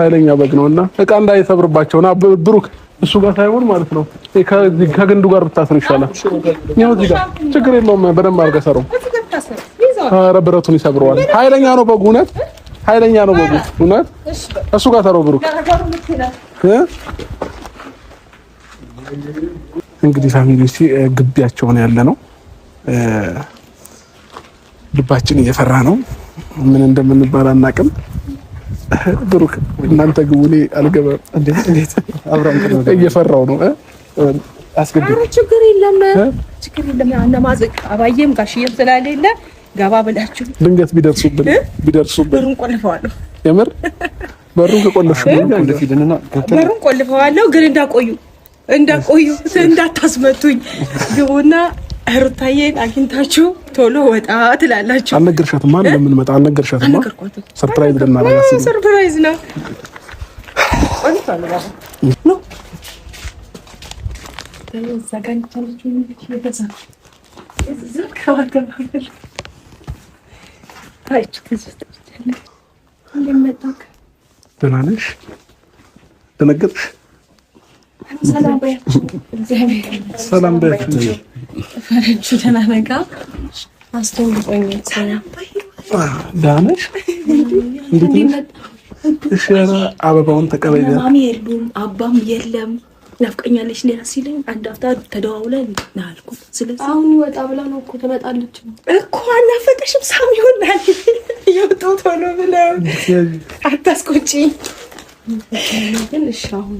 ኃይለኛ በግ ነውና እቃ እንዳይሰብርባቸውና ብሩክ እሱ ጋር ሳይሆን ማለት ነው ከግንዱ ጋር ብታስር ይሻላል። ያው እዚህ ጋር ችግር የለውም። በደንብ አድርገህ ሰረው። ኧረ ብረቱን ይሰብረዋል። ኃይለኛ ነው በጉ እውነት ኃይለኛ ነው በጉ እውነት። እሱ ጋር ሰረው ብሩክ። እንግዲህ ፋሚሊዎቼ ግቢያቸውን ያለ ነው። ልባችን እየፈራ ነው። ምን እንደምንባል አናውቅም። ብሩክ እናንተ ግቡ፣ እኔ አልገባም። እንዴት እየፈራው ነው። አስገድም ችግር የለም ችግር የለም። አነማዘቅ አባዬም ጋሽዬም ስለሌለ ገባ ብላችሁ ድንገት ቢደርሱብን ቢደርሱብን በሩን ቆልፈዋለሁ። የምር በሩን ከቆለፍሽ በሩን ቆልፈዋለሁ። ግን እንዳቆዩ እንዳቆዩ እንዳታስመቱኝ ግቡና ሩታዬን አግኝታችሁ ቶሎ ወጣ ትላላችሁ። አልነገርሻትማ እንደምንመጣ አልነገርሻትማ። ሰርፕራይዝ ልናደርጋት ሰርፕራይዝ ነው ደህና ነሽ? ደነገጥሽ? ሰላም በያችሁ። ሰላም በያችሁ። ፈረንጁ ደህና ነጋ አስተውልቆኝ ዳነሽ አበባውን ተቀበይ። ማሚ የሉም አባም የለም። ናፍቀኛለች ሌላ ሲለኝ አንድ አፍታ ተደዋውለን ና ስለዚህ አሁን ወጣ ብላ ነው እኮ ትመጣለች እኮ አናፈቀሽም? ይሆናል የወጡ ቶሎ ብለው አታስቆጪ። ግን እሺ አሁን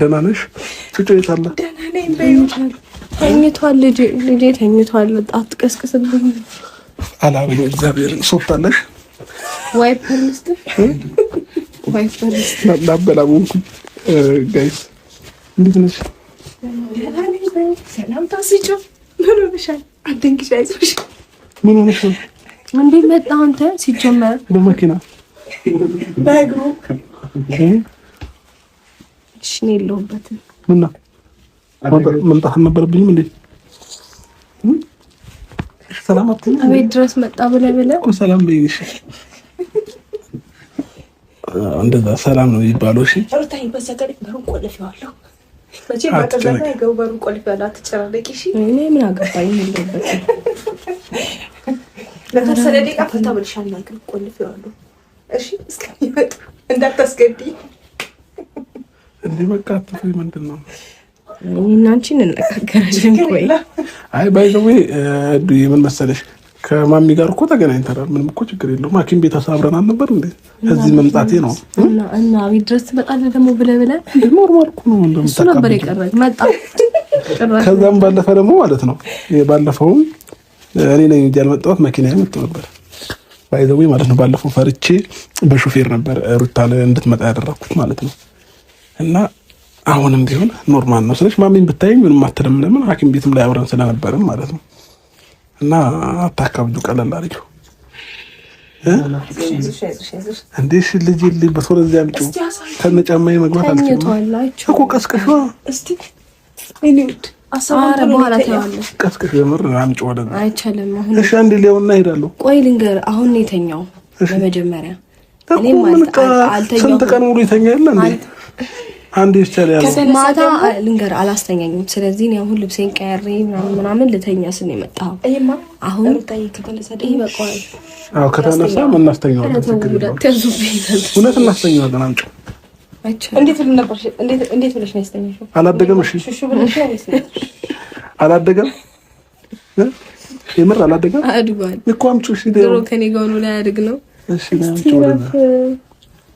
ደህና ነሽ? ጩጩ ደህና ነኝ ተኝቷል። ልጄ ልጄ ተኝቷል። አትቀስቅስብኝ። አላበኝ እግዚአብሔርን ሶፍታለሽ ዋይፐር ልስጥሽ። ዋይፐር ልስጥሽ። ላበላቡንኩ ጋይስ እንዴት ነሽ? ሰላምታ ስጪ። ምን ሆነሻል? አትደንግሽ፣ አይዞሽ። ምን ሆነሽ ነው? እንዴት መጣ አንተ? ሲጀመር በመኪና በእግሩ እሺ፣ እኔ የለሁበትም ምነው መምጣት አልነበረብኝም እንዴ? ሰላም አትይኝ። አቤት ድረስ መጣ ብለህ ብለህ ሰላም በይኝ። እሺ፣ እንደዛ ሰላም ነው የሚባለው። እሺ፣ እኔ ምን አገባኝ። እንዳታስገድኝ እንዴ! በቃ ምንድን ነው እናንቺ እንነጋገራለን። ቆይ አይ ባይ ዘ እዱ ምን መሰለሽ ከማሚ ጋር እኮ ተገናኝተናል። ምንም እኮ ችግር የለውም። ሐኪም ቤት አሳብረን አልነበር እንዴ? እዚህ መምጣቴ ነው እና ቤት ድረስ ትመጣለህ ደግሞ ብለህ ብለህ ኖርማል እኮ ነው ነበር የቀረኝ መጣ። ከዛም ባለፈ ደግሞ ማለት ነው ባለፈውም እኔ ነኝ እንጂ ያልመጣሁት መኪና መጥቶ ነበር ባይ ባይዘዌ ማለት ነው። ባለፈው ፈርቼ በሹፌር ነበር ሩታ እንድትመጣ ያደረኩት ማለት ነው እና አሁንም ቢሆን ኖርማል ነው ስለች ማሚን ብታይ ምንም አትልም። ለምን ሐኪም ቤትም ላይ አብረን ስለነበረን ማለት ነው። እና አታካብዱ፣ ቀለል አድርጊው። እንዴሽ ልጅ ልጅ በሰው ለዚያ አምጪ ከነጫማዬ መግባት አልችልም እኮ ቀስቀሽ ቀስቀሽ የምር አምጪ ወደ አይቻልም። እሺ ሄዳለሁ። ቆይ ልንገር፣ አሁን የተኛው ስንት ቀን ሙሉ ይተኛ የለ አንድ ይቻል ያለው ማታ ልንገር አላስተኛኝም። ስለዚህ ነው አሁን ልብሴን ቀያሪ ምናምን ምናምን ልተኛ ስን የመጣው አሁን ከተነሳ እናስተኛዋለን። እውነት እናስተኛዋለን። አምጪ። አላደገም። እሺ፣ አላደገም። የምር አላደገም እኮ አምጪው። እሺ፣ ድሮ ከኔ ጋር ሆኖ ላይ አድግ ነው። እሺ፣ አምጪው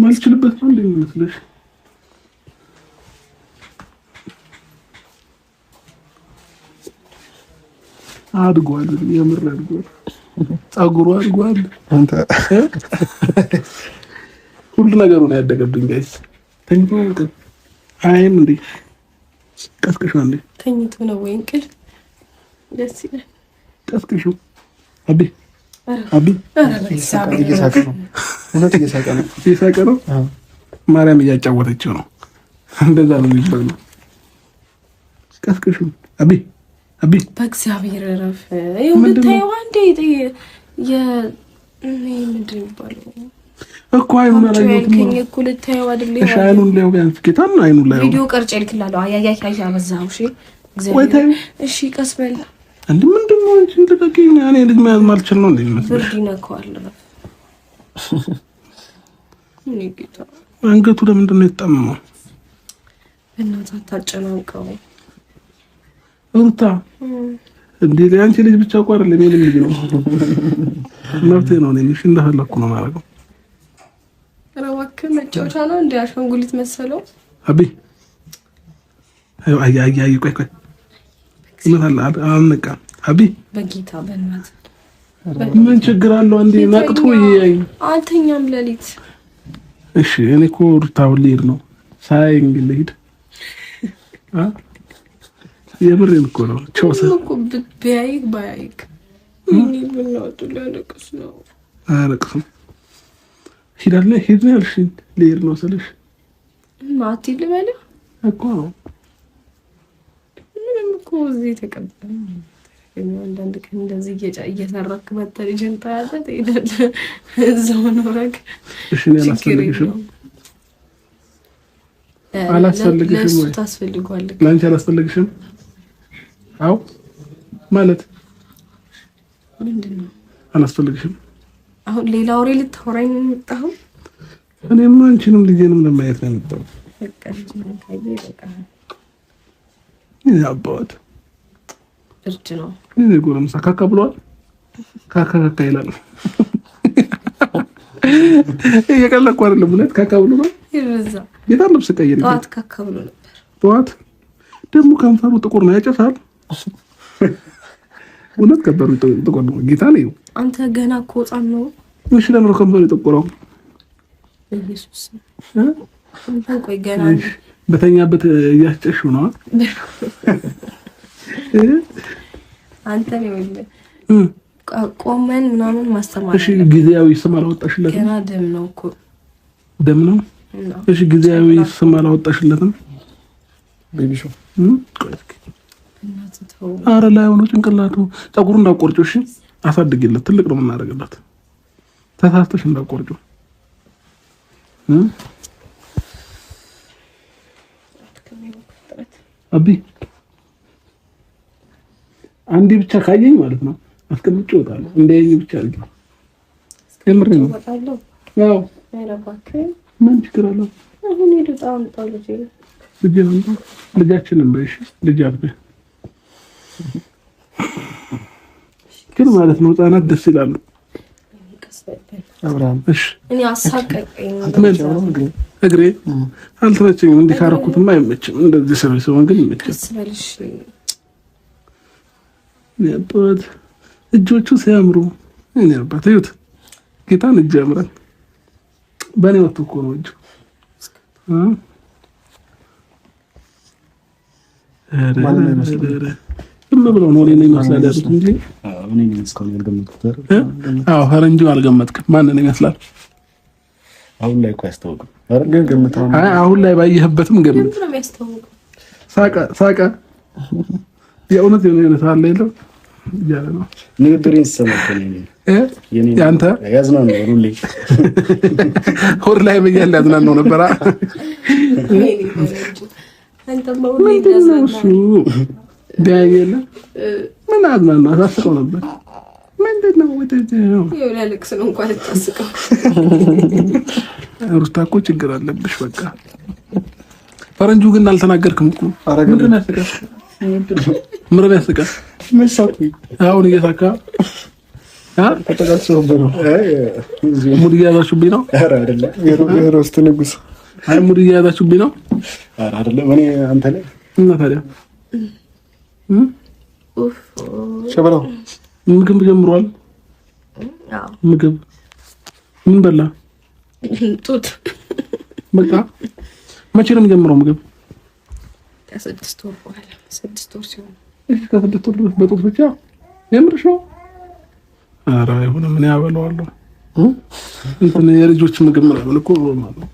ማልችልበት ነው እንደ ይመስለሽ? አድጓል፣ የምር አድጓል፣ ጸጉሩ አድጓል። ሁሉ ነገሩ ነው ያደገብኝ። ጋይስ ተኝቶ አይም እንዴ ተኝቶ ነው ወይ እንቅልፍ ደስ ይላል። ቀስቅሾ አቤ እየሳቀ ነው። ማርያም እያጫወተችው ነው። እንደዛ ነው የሚባለው። ቀስቅሹ አቢ አቢ፣ በእግዚአብሔር ረፍ የምታየው አንዴ እኮ አይኑን አላየሁትም እኮ ቢያንስ ቪዲዮ ቀርጬ ልክላለሁ። አያያይ አያ እሺ እግዚአብሔር እሺ፣ ቀስ በል እንዴ ምንድን ነው እንጂ ልቀቂኝ። እኔ ልጅ መያዝ ማልችል ነው እንዴ ይመስልሽ? አንገቱ ለምንድን ነው የተጠመመው? እናትህ አታጨናንቀው ሩታ። እንዴ ለአንቺ ልጅ ብቻ እኮ አይደለም ልጅ ነው። መብቴ ነው። እኔ እሺ እንደፈለኩ ነው የማደርገው። ኧረ እባክህ መጫወቻ ነው እንዴ? አሻንጉሊት መሰለው። አቤ አይ አይ አይ ቆይ ቆይ እውነት አልነቃ አቢ በጌታ በእናት ምን ችግር አለው እንዴ? ነቅቶ ይያይ አልተኛም ሌሊት። እሺ እኔ እኮ ሩታውን ልሄድ ነው ሳይ እንግዲህ ልሄድ የምሬን እኮ ነው። ቾሰ እኮ ቢያይክ ባይክ እኔ ብናወጡ ላለቅስ ነው። አለቅስም ሂዳለ ሂድ ነው ያልሽኝ ልሄድ ነው ስልሽ ማቲ ልበለ እኮ ነው እዚህ ተቀምጠ አንዳንድ ቀን እንደዚህ እየሰራክ በተሪጅን ተያዘ ትሄዳለህ። እዛው ኖረክ አላስፈልግሽም ወይ ለአንቺ አላስፈልግሽም? አዎ ማለት አላስፈልግሽም። አሁን ሌላ ወሬ ልታወራኝ ነው የመጣኸው? እኔማ አንቺንም ልጄንም ለማየት ነው የመጣሁት። በቃ ልጅ ነው አባት እርድ ነው። ጎረምሳ ካካ ብለዋል። ካካ ካካ ይላል። እየቀለኩ አይደለም። ካካ ብሎ ነው ጌታ ልብስ ቀይር። ጠዋት ካካ ብሎ ነበር። ጠዋት ደግሞ ከንፈሩ ጥቁር ነው፣ ያጨሳል። እውነት ከንፈሩ ጥቁር ነው። ጌታ ነው። አንተ ገና እኮ ሕፃን ነው። እሺ፣ ለምን ከንፈሩ የጠቆረው? ኢየሱስ ቆይ ገና በተኛበት እያስጨሽ ነው። አንተ ነው ቆመን ምናምን ማስተማር። እሺ ጊዜያዊ ስም አላወጣሽለትም? ገና ደም ነው እኮ ደም ነው። እሺ ጊዜያዊ ስም አላወጣሽለትም? አረ ላይ ሆኖ ጭንቅላቱ ፀጉሩ እንዳቆርጮ። እሺ አሳድግለት፣ ትልቅ ነው የምናደርግለት። ተሳስተሽ እንዳቆርጮ አቢ አንዴ ብቻ ካየኝ ማለት ነው አስቀምጬ እወጣለሁ። እንደዚህ ብቻ አልኩ። ከምር ነው ያው ምን ችግር አለው? አሁን ሄዱ ጣምጣው ልጅ ልጅ ልጃችንን በይሽ ልጅ አልበ ግን ማለት ነው ህጻናት ደስ ይላሉ። አብርሃም እሺ እኔ አሳቀቀኝ እግሬ አልተመቸኝም። እንዲህ ካረኩትማ አይመችም። እንደዚህ ስራ ሲሆን ግን ይመችል። እጆቹ ሲያምሩ እኔ አባት እዩት፣ ጌታን እጅ ያምራል። በእኔ ወጥቶ እኮ ነው እጁ። ዝም ብለው ነው እኔን ይመስላል ያሉት እንጂ ፈረንጁ አልገመጥክም። ማንን ይመስላል? አሁን ላይ እኮ ያስታውቅም። ግን ገምታ አሁን ላይ ባየህበትም ገምት። ሳቀ የእውነት የሆነ አይነት አለ የለም እያለ ነው ንግግሬን ስሰማከኝ ያንተ ያዝናናው ሩሌ ሆድ ላይ በያለ ያዝናናው ነበራ። ምንድን ነው እሱ ቢያየለ ምን አዝናና ሳስቀው ነበር ምንድን ነው ወተት ነው? ለልቅስ ነው እንኳን ልታስቀው። ሩታ እኮ ችግር አለብሽ። በቃ ፈረንጁ ግን አልተናገርክም እኮ ምርን ያስቃል። አሁን እየሳካ ሙድ እየያዛችሁብኝ ነው። ሮስት ንጉስ አይ ሙድ እየያዛችሁብኝ ነው። አንተ ላይ እና ታዲያ ምግብ ጀምሯል። ምግብ ምን በላ? ጡት በቃ። መቼ ነው የሚጀምረው ምግብ? ከስድስት ወር በኋላ ስድስት ወር ሲሆን ከስድስት ወር በጡት ብቻ የምርሽ ነው? ኧረ አይሆንም። ምን ያበለዋለሁ? እንትን የልጆች ምግብ ምናምን እኮ ማለት ነው።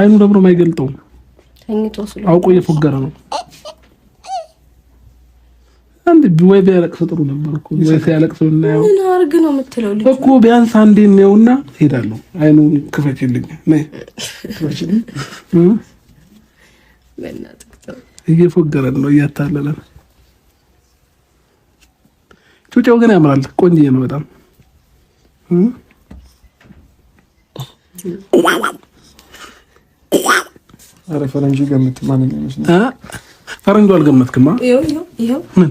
አይኑ ደብሮ አይገልጠውም። አውቆ እየፎገረ ነው ወይ ቢያለቅስ ጥሩ ነበር እኮ ወይ ሲያለቅስ እናየው አርግ ነው የምትለው ልጅ እኮ ቢያንስ አንዴ ነውና ሄዳለሁ። አይኑ ክፈችልኝ ነይ ክፈችልኝ። እየፎገረን ነው እያታለለን። ጩጫው ግን ያምራል። ቆንጆዬ ነው በጣም አረ ፈረንጅ ገምት። ማንኛውም ፈረንጁ አልገመትክማ። ይኸው ይኸው ይኸው ምን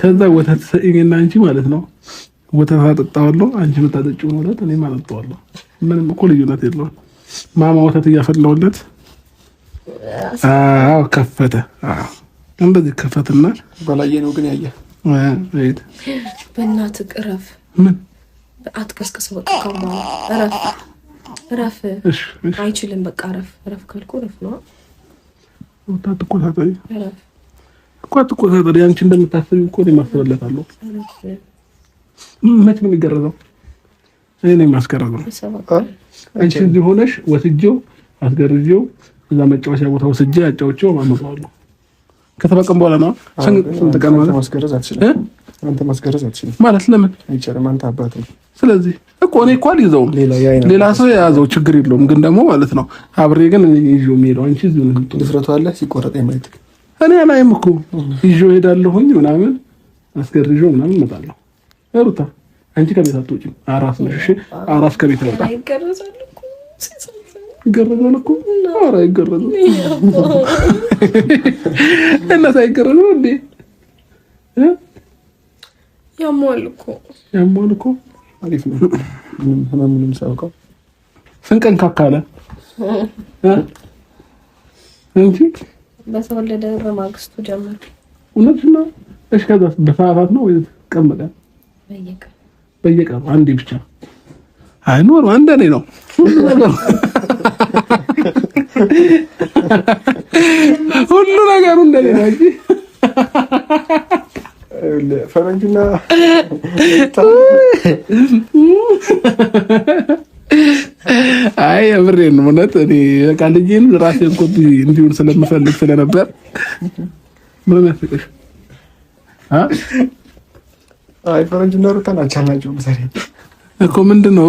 ከዛ ወተት ሰኢኝና አንቺ ማለት ነው። ወተት አጠጣዋለሁ፣ አንቺ የምታጠጪውን ወተት እኔም አጠጣዋለሁ። ምንም እኮ ልዩነት የለውም። ማማ ወተት እያፈላሁለት አዎ፣ ከፈተ። አዎ፣ እንደዚህ ከፈትና በላየ ነው ግን ያየ በእናትህ እረፍ። ምን አትቀስቀስ፣ በቃ እረፍ ረፍ አይችልም። በቃ ረፍ ረፍ ካልኩ ረፍ ነው። አትቆጣጠሪ እኮ አትቆጣጠሪ። አንቺ እንደምታስቢ እኮ እኔ ማስበለታለሁ። መች ነው የሚገረዘው? እኔ ነኝ የማስገረዘው። አንቺ እዚህ ሆነሽ ወስጄው አስገርዤው እዛ መጫወቻ ቦታ ወስጄ አጫውቼው አመጣዋለሁ። ከተበቀም በኋላ ነው ሰንጥቀን ማለት ማስገረዝ አትችልም አንተ ማስገረዝ አትችልም ማለት ለምን አይቻልም? አንተ አባት ነው። ስለዚህ እኮ እኔ እኮ አልይዘውም፣ ሌላ ሰው የያዘው ችግር የለውም። ግን ደግሞ ማለት ነው አብሬ ግን ይዤው የምሄደው አንቺ እዚሁ ነው። ድፍረቱ አለ ሲቆረጥ ማየት እኔ አላይም እኮ ይዤው እሄዳለሁኝ ምናምን አስገርዤው ምናምን እመጣለሁ። ሩታ አንቺ ከቤት አትወጪም፣ አራስ ነሽ። እሺ አራስ ከቤት አትወጣ። ይገረዛል እኮ ይገረዛል እኮ ኧረ ይገረዛል። እነሱ አይገረዝም እንዴ? ያሟል እኮ ያሟል እኮ አሪፍ ነው። ምንም ምንም ሳውቀው ስንቀን ካካለ እንጂ በተወለደ በማግስቱ ጀመር። እውነት ነው። እሺ፣ ከዛ በሰዓታት ነው ወይ ቀመቀ? በየቀኑ በየቀኑ አንዴ ብቻ አይኖር አንዳንዴ ነው ሁሉ ነገር ሁሉ ነገሩ እንጂ ፈረንጅና አይ የምሬን እውነት እኔ በቃ ልጄን ራሴን ኮፒ እንዲሆን ስለምፈልግ ስለነበር አይ ፈረንጅና ሩታ ናቸው ናቸው እኮ ምንድን ነው